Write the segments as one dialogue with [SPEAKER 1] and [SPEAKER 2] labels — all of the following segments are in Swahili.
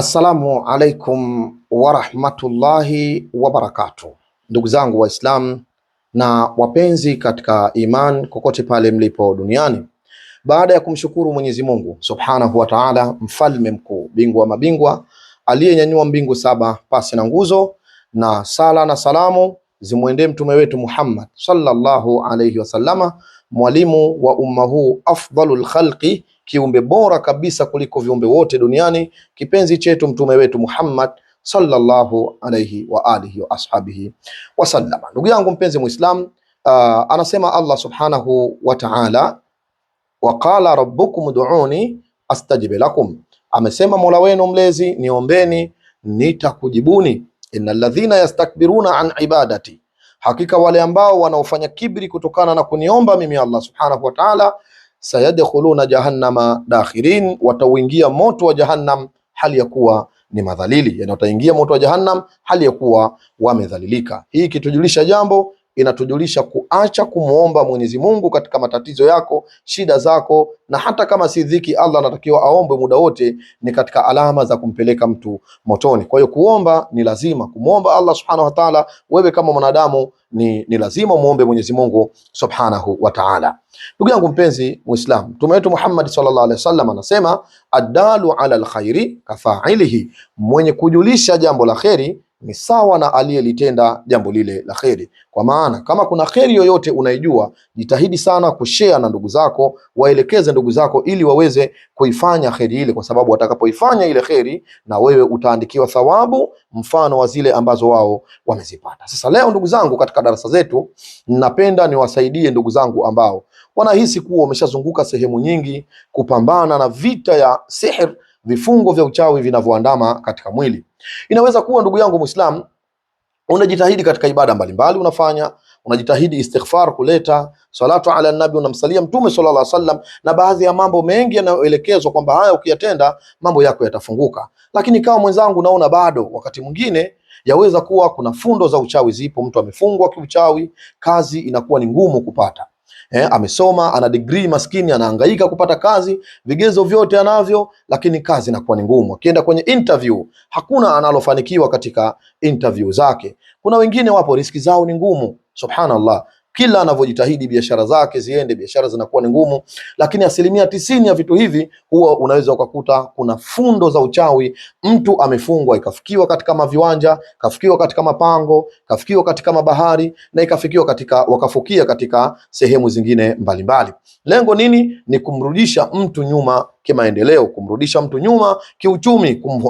[SPEAKER 1] Assalamu alaikum warahmatullahi wabarakatuh, ndugu zangu waislam na wapenzi katika iman kokote pale mlipo duniani. Baada ya kumshukuru Mwenyezi Mungu subhanahu wa taala, mfalme mkuu, bingwa mabingwa, aliyenyanyua mbingu saba pasi na nguzo, na sala na salamu zimwendee mtume wetu Muhammad sallallahu alayhi wasallama, mwalimu wa umma huu afdhalul khalqi kiumbe bora kabisa kuliko viumbe wote duniani, kipenzi chetu mtume wetu Muhammad sallallahu alayhi wa alihi wa ashabihi wasallam. Ndugu yangu mpenzi Muislam, uh, anasema Allah subhanahu wa ta'ala, wa qala rabbukum ud'uni astajib lakum, amesema Mola wenu mlezi niombeni nitakujibuni. innal ladhina yastakbiruna an ibadati, hakika wale ambao wanaofanya kibri kutokana na kuniomba mimi Allah subhanahu wa ta'ala sayadkhuluna jahannama dakhirin, watauingia moto wa jahannam hali ya kuwa ni madhalili, yani wataingia moto wa jahannam hali ya kuwa wamedhalilika. Hii ikitujulisha jambo inatujulisha kuacha kumwomba Mwenyezi Mungu katika matatizo yako, shida zako, na hata kama si dhiki, Allah anatakiwa aombe muda wote, ni katika alama za kumpeleka mtu motoni. Kwa hiyo kuomba ni lazima, kumwomba Allah subhanahu wa ta'ala, wewe kama mwanadamu ni, ni lazima muombe Mwenyezi Mungu subhanahu wa ta'ala. Ndugu yangu mpenzi Muislam, Mtume wetu Muhammad sallallahu alaihi wasallam anasema, addalu ala alkhairi kafailihi, mwenye kujulisha jambo la kheri ni sawa na aliyelitenda jambo lile la kheri. Kwa maana kama kuna kheri yoyote unaijua, jitahidi sana kushare na ndugu zako, waelekeze ndugu zako ili waweze kuifanya kheri ile, kwa sababu watakapoifanya ile kheri, na wewe utaandikiwa thawabu mfano wa zile ambazo wao wamezipata. Sasa leo, ndugu zangu, katika darasa zetu, napenda niwasaidie ndugu zangu ambao wanahisi kuwa wameshazunguka sehemu nyingi kupambana na vita ya sihir, vifungo vya uchawi vinavyoandama katika mwili Inaweza kuwa ndugu yangu Muislamu unajitahidi katika ibada mbalimbali mbali, unafanya unajitahidi istighfar, kuleta salatu ala nabi, unamsalia Mtume sallallahu alaihi wasallam, na baadhi ya mambo mengi yanayoelekezwa kwamba haya ukiyatenda mambo yako yatafunguka. Lakini kama mwenzangu, naona bado wakati mwingine yaweza kuwa kuna fundo za uchawi zipo, mtu amefungwa kiuchawi, kazi inakuwa ni ngumu kupata eh, amesoma ana degree, maskini anahangaika kupata kazi, vigezo vyote anavyo, lakini kazi inakuwa ni ngumu. Akienda kwenye interview hakuna analofanikiwa katika interview zake. Kuna wengine wapo riski zao ni ngumu, subhanallah kila anavyojitahidi biashara zake ziende, biashara zinakuwa ni ngumu, lakini asilimia tisini ya vitu hivi huwa unaweza ukakuta kuna fundo za uchawi. Mtu amefungwa ikafikiwa katika maviwanja, kafikiwa katika mapango, kafikiwa katika mabahari na ikafikiwa katika wakafukia katika sehemu zingine mbalimbali mbali. Lengo nini? Ni kumrudisha mtu nyuma kimaendeleo, kumrudisha mtu nyuma kiuchumi, kum,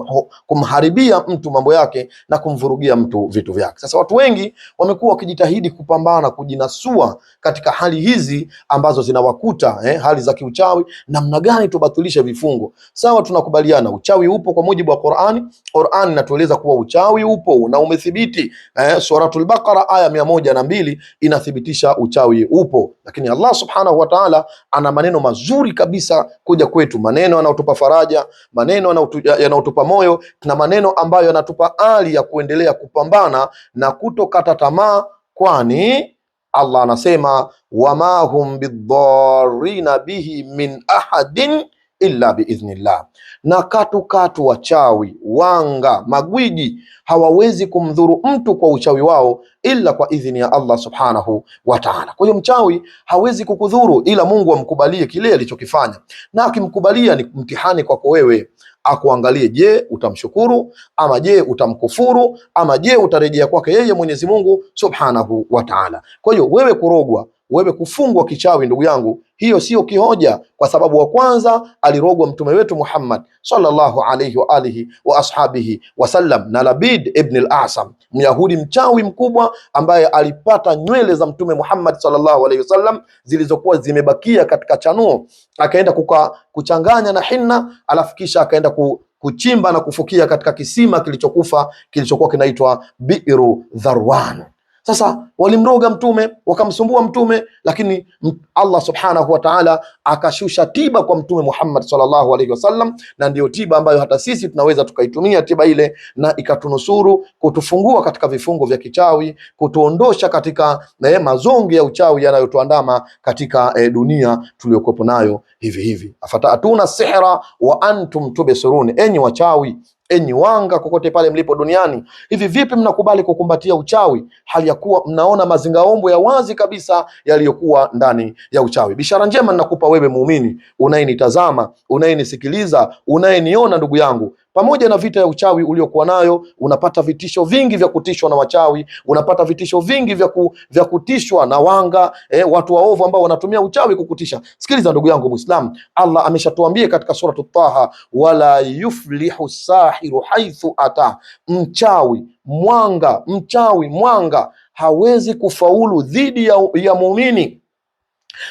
[SPEAKER 1] kumharibia mtu mambo yake na kumvurugia mtu vitu vyake. Sasa watu wengi wamekuwa wakijitahidi kupambana, kujinasua katika hali hizi ambazo zinawakuta eh, hali za kiuchawi. Namna gani tubatilishe vifungo? Sawa, tunakubaliana uchawi upo kwa mujibu wa Qur'ani. Qur'ani inatueleza kuwa uchawi upo na umethibiti eh, Suratul Baqara aya mia moja na mbili inathibitisha uchawi upo, lakini Allah subhanahu wa ta'ala ana maneno mazuri kabisa kuja kwetu maneno yanayotupa faraja, maneno yanayotupa moyo na maneno ambayo yanatupa hali ya kuendelea kupambana na kutokata tamaa, kwani Allah anasema wama hum bidharina bihi min ahadin illa biidhnillah. Na katukatu, wachawi, wanga, magwiji hawawezi kumdhuru mtu kwa uchawi wao ila kwa idhini ya Allah subhanahu wa ta'ala. Kwa hiyo mchawi hawezi kukudhuru ila Mungu amkubalie kile alichokifanya, na akimkubalia ni mtihani kwako wewe akuangalie, je, utamshukuru ama je, utamkufuru ama je, utarejea kwake yeye Mwenyezi Mungu subhanahu wa ta'ala. Kwa hiyo wewe kurogwa wewe kufungwa kichawi, ndugu yangu, hiyo siyo kihoja, kwa sababu wa kwanza alirogwa mtume wetu Muhammad sallallahu alayhi wa alihi wa ashabihi wasallam na Labid ibn al-Asam, Myahudi mchawi mkubwa ambaye alipata nywele za mtume Muhammad sallallahu alayhi wasallam zilizokuwa zimebakia katika chanuo, akaenda kuka, kuchanganya na hinna, alafu kisha akaenda ku kuchimba na kufukia katika kisima kilichokufa kilichokuwa kinaitwa Biru Dharwan. Sasa walimroga mtume wakamsumbua mtume, lakini Allah subhanahu wa ta'ala akashusha tiba kwa mtume Muhammad sallallahu alaihi wasallam, na ndiyo tiba ambayo hata sisi tunaweza tukaitumia tiba ile, na ikatunusuru kutufungua katika vifungo vya kichawi, kutuondosha katika eh, mazonge ya uchawi yanayotuandama katika eh, dunia tuliyokuwepo nayo hivi hivi. Afata atuna sihra wa antum tubsirun, enyi wachawi enyi wanga kokote pale mlipo duniani. Hivi vipi mnakubali kukumbatia uchawi hali ya kuwa mnaona mazingaombwe ya wazi kabisa yaliyokuwa ndani ya uchawi? Bishara njema ninakupa wewe muumini unayenitazama, unayenisikiliza, unayeniona, ndugu yangu pamoja na vita ya uchawi uliokuwa nayo, unapata vitisho vingi vya kutishwa na wachawi, unapata vitisho vingi vya, ku, vya kutishwa na wanga eh, watu waovu ambao wanatumia uchawi kukutisha. Sikiliza ndugu yangu Muislam, Allah ameshatuambia katika suratu Taha, wala yuflihu sahiru haithu ata, mchawi mwanga, mchawi mwanga hawezi kufaulu dhidi ya, ya muumini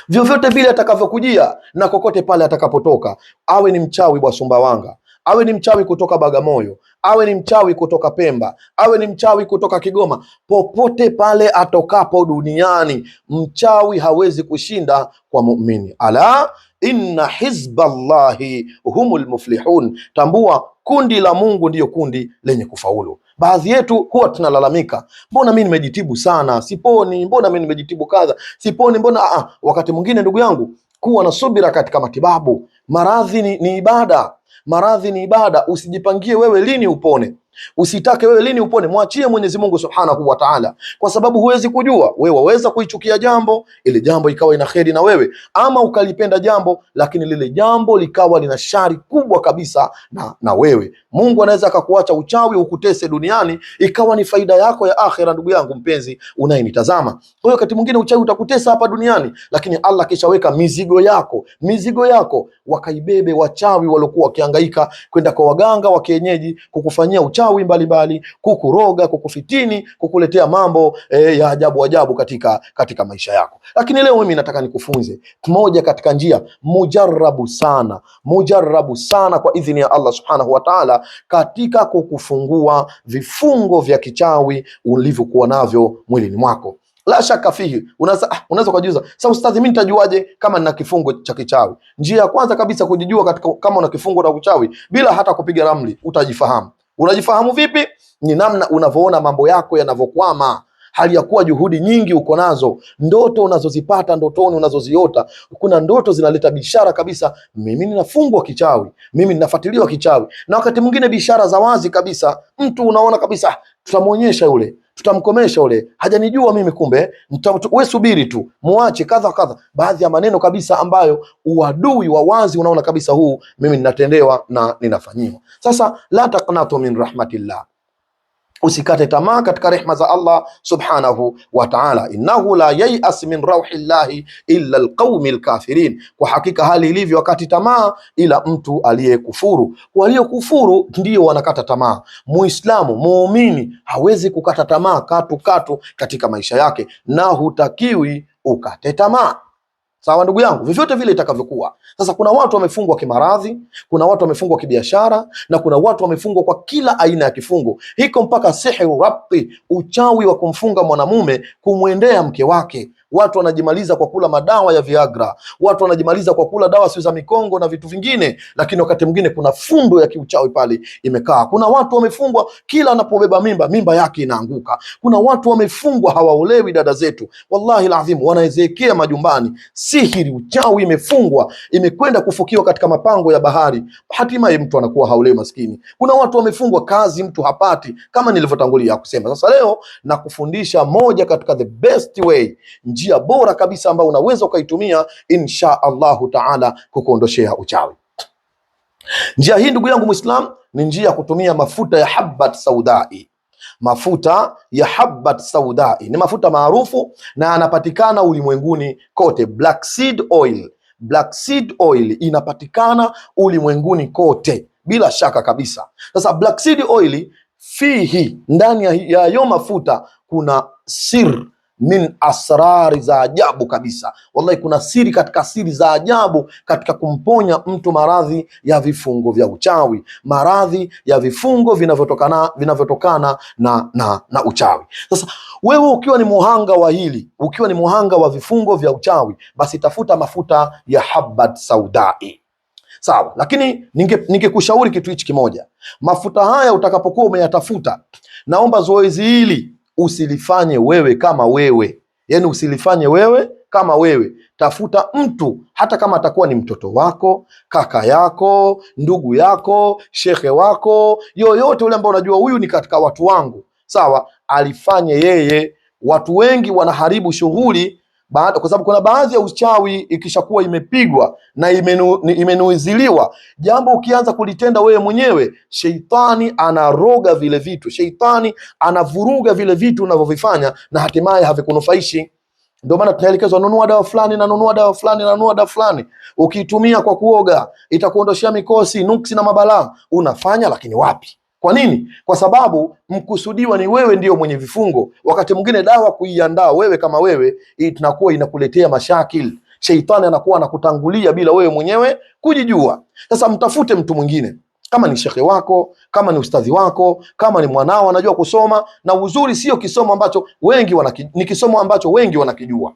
[SPEAKER 1] vyovyote vile atakavyokujia na kokote pale atakapotoka, awe ni mchawi wa Sumbawanga, awe ni mchawi kutoka Bagamoyo, awe ni mchawi kutoka Pemba, awe ni mchawi kutoka Kigoma, popote pale atokapo duniani, mchawi hawezi kushinda kwa muumini. Ala inna hizballahi humul muflihun, tambua kundi la Mungu ndiyo kundi lenye kufaulu. Baadhi yetu huwa tunalalamika, mbona mi nimejitibu sana siponi, mbona mi nimejitibu kadha siponi, mbona aa. Ah, ah. Wakati mwingine ndugu yangu, kuwa na subira katika matibabu. Maradhi ni, ni ibada Maradhi ni ibada, usijipangie wewe lini upone. Usitake wewe lini upone, mwachie Mwenyezi Mungu Subhanahu wa Ta'ala, kwa sababu huwezi kujua. Wewe waweza kuichukia jambo ili jambo ikawa ina kheri na wewe, ama ukalipenda jambo lakini lile jambo likawa lina shari kubwa kabisa na, na wewe. Mungu anaweza akakuacha uchawi ukutese duniani ikawa ni faida yako ya akhera. Ndugu yangu mpenzi unayenitazama, kwa hiyo wakati mwingine uchawi utakutesa hapa duniani, lakini Allah kishaweka mizigo yako mizigo yako wakaibebe wachawi waliokuwa wakihangaika kwenda kwa waganga wa kienyeji kukufanyia uchawi uchawi mbalimbali, kukuroga, kukufitini, kukuletea mambo e, ya ajabu ajabu katika katika maisha yako. Lakini leo mimi nataka nikufunze moja katika njia mujarabu sana, mujarabu sana kwa idhini ya Allah subhanahu wa ta'ala, katika kukufungua vifungo vya kichawi ulivyokuwa navyo mwilini mwako. La shaka fihi, unaweza ah, kujiuliza sasa, ustadhi, mimi nitajuaje kama nina kifungo cha kichawi? Njia ya kwanza kabisa kujijua katika, kama una kifungo cha uchawi bila hata kupiga ramli, utajifahamu. Unajifahamu vipi? Ni namna unavyoona mambo yako yanavyokwama, hali ya kuwa juhudi nyingi uko nazo, ndoto unazozipata ndotoni, unazoziota. Kuna ndoto zinaleta bishara kabisa, mimi ninafungwa kichawi, mimi ninafuatiliwa kichawi, na wakati mwingine bishara za wazi kabisa, mtu unaona kabisa, tutamwonyesha yule tutamkomesha ule, hajanijua mimi kumbe. Wewe subiri tu, muache kadha kadha, baadhi ya maneno kabisa ambayo uadui wa wazi unaona kabisa, huu mimi ninatendewa na ninafanyiwa. Sasa la taqnatu min rahmatillah Usikate tamaa katika rehma za Allah subhanahu wa ta'ala, innahu la yayas min rauhi llahi illa alqaumi lkafirin, kwa hakika hali ilivyo wakati tamaa ila mtu aliyekufuru. Waliokufuru ndio wanakata tamaa. Muislamu muumini hawezi kukata tamaa katu katu katika maisha yake, na hutakiwi ukate tamaa. Sawa ndugu yangu, vyovyote vile itakavyokuwa. Sasa kuna watu wamefungwa kimaradhi, kuna watu wamefungwa kibiashara, na kuna watu wamefungwa kwa kila aina ya kifungo hiko, mpaka sihru rabti, uchawi wa kumfunga mwanamume kumwendea mke wake. Watu wanajimaliza kwa kula madawa ya Viagra, watu wanajimaliza kwa kula dawa sio za mikongo na vitu vingine, lakini wakati mwingine kuna fundo ya kiuchawi pale imekaa. Kuna watu wamefungwa, kila anapobeba mimba mimba yake inaanguka. Kuna watu wamefungwa, hawaolewi. Dada zetu, wallahi ladhimu, wanaezekea majumbani. Sihiri, uchawi imefungwa, imekwenda kufukiwa katika mapango ya bahari, hatimaye mtu anakuwa haolewi, maskini. Kuna watu wamefungwa, kazi mtu hapati, kama nilivyotangulia kusema. Sasa leo nakufundisha moja katika the best way njia bora kabisa ambayo unaweza ukaitumia insha Allahu taala kukuondoshea uchawi. Njia hii ndugu yangu Muislam ni njia ya kutumia mafuta ya habbat saudai. Mafuta ya habbat saudai ni mafuta maarufu na yanapatikana ulimwenguni kote, black seed oil. Black seed oil inapatikana ulimwenguni kote bila shaka kabisa. Sasa black seed oil fihi, ndani ya hayo mafuta kuna sir min asrari za ajabu kabisa. Wallahi, kuna siri katika siri za ajabu katika kumponya mtu maradhi ya vifungo vya uchawi, maradhi ya vifungo vinavyotokana vinavyotokana na, na, na uchawi. Sasa wewe ukiwa ni muhanga wa hili, ukiwa ni muhanga wa vifungo vya uchawi, basi tafuta mafuta ya habbad saudai Sawa, lakini ningekushauri ninge kitu hichi kimoja. Mafuta haya utakapokuwa umeyatafuta, naomba zoezi hili usilifanye wewe kama wewe, yaani usilifanye wewe kama wewe. Tafuta mtu hata kama atakuwa ni mtoto wako, kaka yako, ndugu yako, shekhe wako, yoyote ule ambao unajua huyu ni katika watu wangu, sawa, alifanye yeye. Watu wengi wanaharibu shughuli baada, kwa sababu kuna baadhi ya uchawi ikishakuwa imepigwa na imenu, imenuiziliwa jambo, ukianza kulitenda wewe mwenyewe, sheitani anaroga vile vitu, sheitani anavuruga vile vitu unavyovifanya na hatimaye havikunufaishi. Ndio maana tunaelekezwa nunua dawa fulani na nunua dawa fulani na nunua dawa fulani, ukiitumia kwa kuoga itakuondoshea mikosi, nuksi na mabalaa. Unafanya lakini wapi? Kwa nini? Kwa sababu mkusudiwa ni wewe, ndio mwenye vifungo. Wakati mwingine dawa kuiandaa wewe kama wewe tunakuwa inakuletea mashakil, sheitani anakuwa anakutangulia bila wewe mwenyewe kujijua. Sasa mtafute mtu mwingine kama ni shekhe wako, kama ni ustadhi wako, kama ni mwanao anajua kusoma. Na uzuri sio kisomo ambacho wengi wanaki, ni kisomo ambacho wengi wanakijua.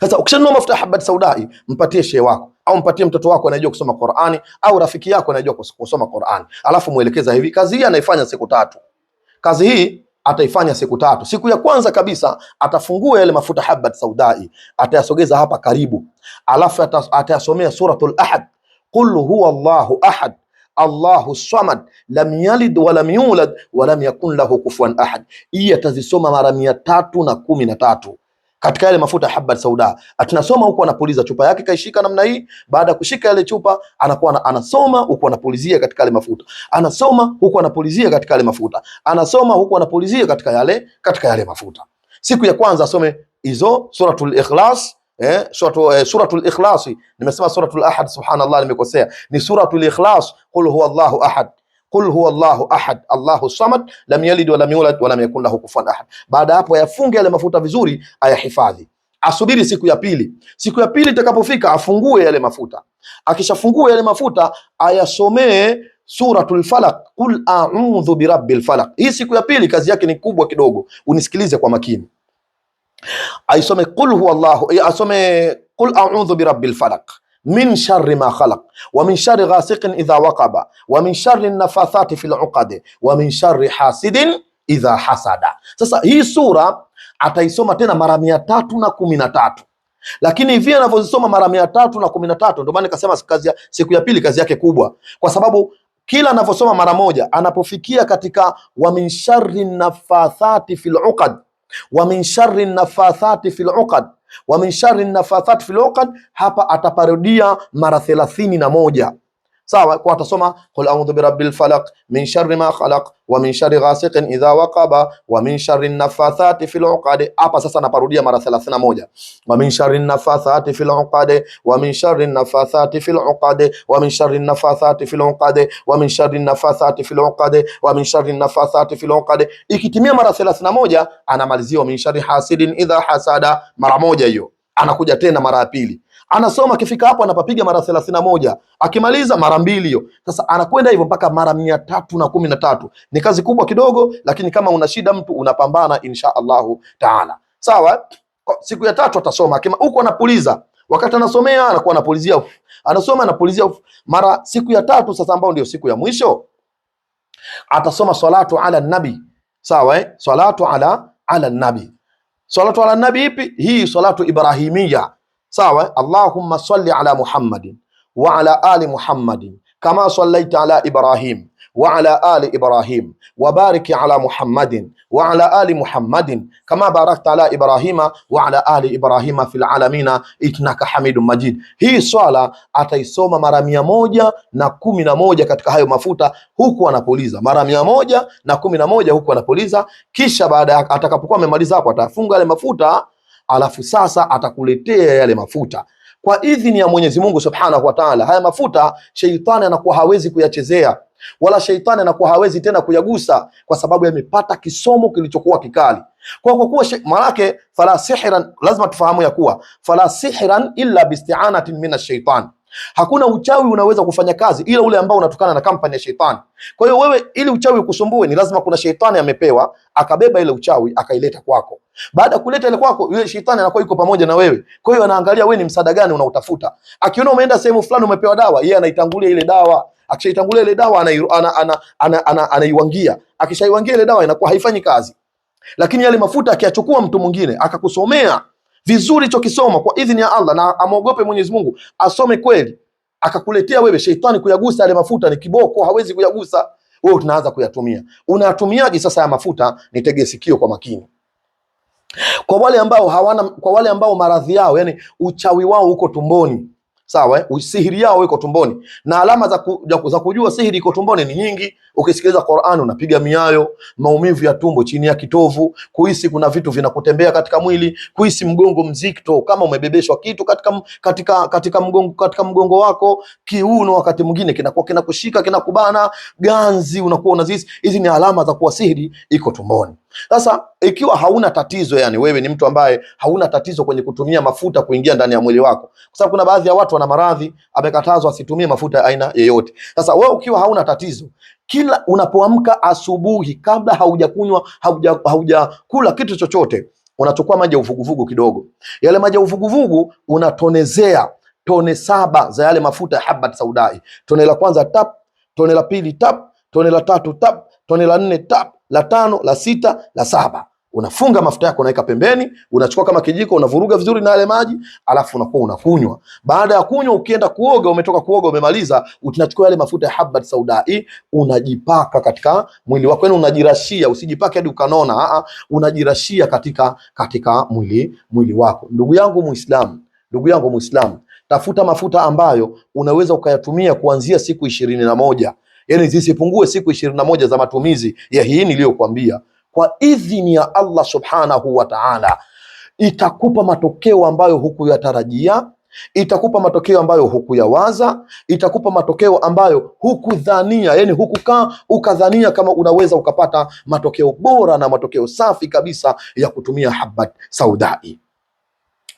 [SPEAKER 1] Sasa ukishanunua mafuta ya Habbat Saudai, mpatie shehe wako, au mpatie mtoto wako anayejua kusoma Qur'ani au rafiki yako anayejua kusoma Qur'ani, alafu mwelekeza hivi, kazi hii anaifanya siku tatu. Kazi hii ataifanya siku tatu. Siku ya kwanza kabisa atafungua yale mafuta habat saudai, atayasogeza hapa karibu, alafu atayasomea suratul ahad, qul huwa Allahu ahad Allahu samad lam yalid walam yulad walam yakun lahu kufuwan ahad. Hii atazisoma mara mia tatu na kumi na tatu katika yale mafuta haba sauda. Tunasoma huko anapuliza chupa yake kaishika namna hii, baada ya kushika ile chupa anakuwa anasoma huko anapulizia katika yale mafuta, anasoma huko anapulizia katika yale mafuta, anasoma huko anapulizia katika yale katika yale mafuta. Siku ya kwanza asome hizo suratul Ikhlas. Eh, suratu, eh, suratul Ikhlas nimesema suratul Ahad, subhanallah, nimekosea, ni suratul Ikhlas, qul huwa Allahu ahad Qul huwa Allahu ahad Allahu samad lam yalid walam yulad walam yakun lahu kufuwan ahad. Baada ya hapo yafunge yale mafuta vizuri, ayahifadhi, asubiri siku ya pili. Siku ya pili itakapofika, afungue yale mafuta. Akishafungua yale mafuta, ayasomee Suratul Falaq, qul a'udhu birabbil falaq. Hii siku ya pili kazi yake ni kubwa kidogo, unisikilize kwa makini. Aisome qul huwa Allahu, eh, asome qul a'udhu birabbil falaq min sharri ma khalaq wa min sharri ghasiqin idha waqaba wa min sharri nafathati fil uqadi wa min sharri hasidin idha hasada. Sasa hii sura ataisoma tena mara mia tatu na kumi na tatu lakini hivi anavyozisoma mara mia tatu na kumi na tatu ndio maana nikasema kazi ya siku ya pili kazi yake kubwa, kwa sababu kila anavyosoma mara moja anapofikia katika wa min sharri nafathati fil uqad wa min sharri nafathati fil uqad wa min sharri nafathati fil uqad. Hapa ataparudia mara thelathini na moja sawa, kwa atasoma qul a'udhu birabbil falaq min sharri ma khalaq wa min sharri ghasiqin idha waqaba wa min sharri nafathati fil uqad. Hapa sasa naparudia mara 31, wa min sharri nafathati fil uqad wa min sharri nafathati fil uqad wa min sharri nafathati fil uqad wa min sharri nafathati fil uqad wa min sharri nafathati fil uqad. Ikitimia mara 31, anamalizia wa min sharri hasidin idha hasada, mara moja hiyo. Anakuja tena mara ya pili anasoma akifika hapo anapapiga mara thelathini na moja akimaliza mara mbili hiyo. Sasa anakwenda hivyo mpaka mara mia tatu na kumi na tatu. Ni kazi kubwa kidogo, lakini kama una shida mtu unapambana, insha Allahu taala. Sawa, siku ya tatu atasoma huko, anapuliza wakati anasomea anakuwa anapulizia, anasoma anapulizia mara. Siku ya tatu sasa, ambao ndio siku ya mwisho, atasoma salatu ala nabi. Sawa, eh? salatu ala ala nabi, salatu ala nabi ipi hii? Salatu ibrahimia sawa. Allahumma salli ala Muhammadin wa ala ali Muhammadin kama sallaita ala Ibrahim wa ala ali Ibrahim wa bariki ala Muhammadin wa ala ali Muhammadin kama barakta ala Ibrahima wa ala ali Ibrahima fil alamina innaka hamidu Majid. Hii swala ataisoma mara mia moja na kumi na moja katika hayo mafuta, huku anapuliza mara mia moja na kumi na moja huku anapuliza, kisha baada atakapokuwa amemaliza hapo atafunga yale mafuta alafu sasa atakuletea yale mafuta kwa idhini ya Mwenyezi Mungu Subhanahu wa Ta'ala. Haya mafuta sheitani anakuwa hawezi kuyachezea wala sheitani anakuwa hawezi tena kuyagusa, kwa sababu yamepata kisomo kilichokuwa kikali. Kwa kwa kuwa maanake, fala sihran, lazima tufahamu ya kuwa fala sihran illa bisti'anatin minash shaitan Hakuna uchawi unaweza kufanya kazi ila ule ambao unatokana na kampani ya shetani. Kwa hiyo wewe, ili uchawi ukusumbue, ni lazima kuna shetani amepewa akabeba ile uchawi akaileta kwako. Baada ya kuleta ile kwako, yule shetani anakuwa yuko pamoja na wewe. Kwa hiyo anaangalia wewe ni msaada gani unaotafuta. Akiona umeenda sehemu fulani umepewa dawa, yeye anaitangulia ile dawa. Akishaitangulia ile dawa anaiwangia ana, ana, ana, ana, ana, akishaiwangia ile dawa inakuwa haifanyi kazi, lakini yale mafuta akiyachukua mtu mwingine akakusomea vizuri chokisoma kwa idhini ya Allah na amwogope Mwenyezi Mungu, asome kweli, akakuletea wewe. Sheitani kuyagusa yale mafuta ni kiboko, hawezi kuyagusa wewe, tunaanza kuyatumia. unatumiaje sasa ya mafuta? Nitege sikio kwa makini. Kwa wale ambao hawana, kwa wale ambao maradhi yao yani uchawi wao uko tumboni sawa. Eh? Sihiri yao iko tumboni, na alama za, ku, za kujua sihiri iko tumboni ni nyingi. Ukisikiliza Qur'an unapiga miayo, maumivu ya tumbo chini ya kitovu, kuhisi kuna vitu vinakutembea katika mwili, kuhisi mgongo mzito kama umebebeshwa kitu katika, katika, katika, mgongo, katika mgongo wako, kiuno wakati mwingine kinakuwa kinakushika kinakubana, ganzi unakuwa unazisi. Hizi ni alama za kuwa sihiri iko tumboni. Sasa ikiwa hauna tatizo, yani wewe ni mtu ambaye hauna tatizo kwenye kutumia mafuta kuingia ndani ya mwili wako, kwa sababu kuna baadhi ya watu wana maradhi, amekatazwa asitumie mafuta aina yeyote. Sasa wewe ukiwa hauna tatizo, kila unapoamka asubuhi, kabla haujakunywa hauja haujakula kitu chochote, unachukua maji ya uvuguvugu kidogo. Yale maji ya uvuguvugu unatonezea tone saba za yale mafuta ya habat saudai. Tone la kwanza tap, tone la pili tap, tone la tatu tap, tone la nne tap la tano, la sita, la saba. Unafunga mafuta yako unaweka pembeni, unachukua kama kijiko, unavuruga vizuri na yale maji, alafu unakuwa unakunywa. Baada ya kunywa, ukienda kuoga, umetoka kuoga, umemaliza, unachukua yale mafuta ya habat saudai unajipaka katika mwili wako, yaani unajirashia. Usijipake hadi ukanona, a ah, a, ah. unajirashia katika katika mwili mwili wako. Ndugu yangu Muislamu, ndugu yangu Muislamu, tafuta mafuta ambayo unaweza ukayatumia kuanzia siku ishirini na moja yani zisipungue siku ishirini na moja za matumizi ya hii niliyokuambia, kwa idhini ya Allah subhanahu wa ta'ala, itakupa matokeo ambayo hukuyatarajia, itakupa matokeo ambayo hukuyawaza, itakupa matokeo ambayo hukudhania, yani hukukaa ukadhania kama unaweza ukapata matokeo bora na matokeo safi kabisa ya kutumia habat saudai.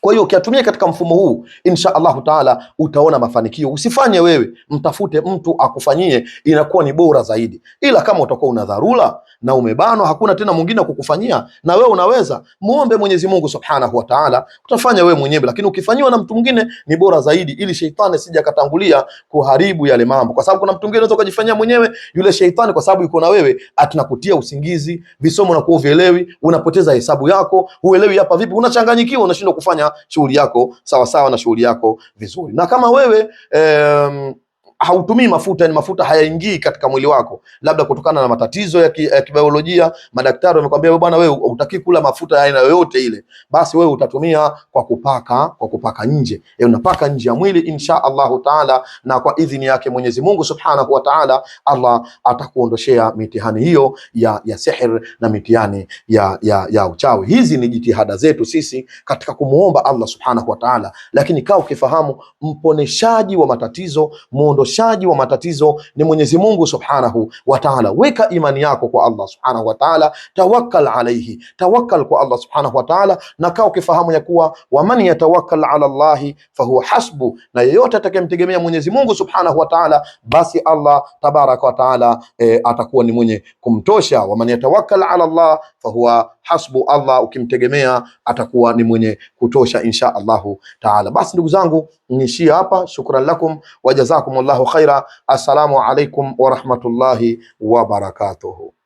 [SPEAKER 1] Kwa hiyo ukiatumia katika mfumo huu, insha Allahu taala utaona mafanikio. Usifanye wewe, mtafute mtu akufanyie, inakuwa ni bora zaidi. Ila kama utakuwa una dharura na umebanwa, hakuna tena mwingine kukufanyia, na wewe unaweza muombe Mwenyezi Mungu subhanahu wa taala, utafanya wewe mwenyewe, lakini ukifanyiwa na mtu mwingine ni bora zaidi, ili sheitani sija katangulia kuharibu yale mambo, kwa sababu kuna mtu mwingine unaweza ukajifanyia mwenyewe. Yule sheitani kwa sababu yuko na wewe, atinakutia usingizi, visomo unakuwa uvielewi, unapoteza hesabu yako, huelewi hapa vipi, unachanganyikiwa, unashindwa kufanya shughuli yako sawasawa na shughuli yako vizuri, na kama wewe um, hautumii mafuta, yani mafuta hayaingii katika mwili wako, labda kutokana na matatizo ya, ki, ya kibiolojia. Madaktari wamekwambia wewe bwana, wewe hutaki kula mafuta ya aina yoyote ile, basi wewe utatumia kwa kupaka, kwa kupaka nje e, unapaka nje ya mwili insha Allahu taala, na kwa idhini yake Mwenyezi Mungu subhanahu wa taala, Allah atakuondoshea mitihani hiyo ya, ya sihir na mitihani ya, ya, ya uchawi. Hizi ni jitihada zetu sisi katika kumuomba Allah subhanahu wa taala, lakini kaa ukifahamu mponeshaji wa matatizo muondo mwondoshaji wa matatizo ni Mwenyezi Mungu Subhanahu wa Ta'ala. Weka imani yako kwa Allah Subhanahu wa Ta'ala, tawakkal alayhi, tawakkal kwa Allah Subhanahu wa Ta'ala, na kaa ukifahamu ya kuwa waman yatawakkal ala Allahi fahuwa hasbu, na yeyote atakayemtegemea Mwenyezi Mungu Subhanahu wa Ta'ala, basi Allah Tabaraka wa Ta'ala e, atakuwa ni mwenye kumtosha. Waman yatawakkal ala Allah fahuwa hasbu Allah, ukimtegemea atakuwa ni mwenye kutosha insha Allahu taala. Basi ndugu zangu, niishie hapa. Shukran lakum wa jazakumullahu khaira. Assalamu alaikum wa rahmatullahi wa barakatuhu.